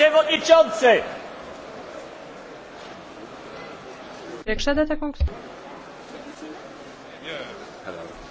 Przewodniczący! Priekšsēdētāj kungs. Yeah.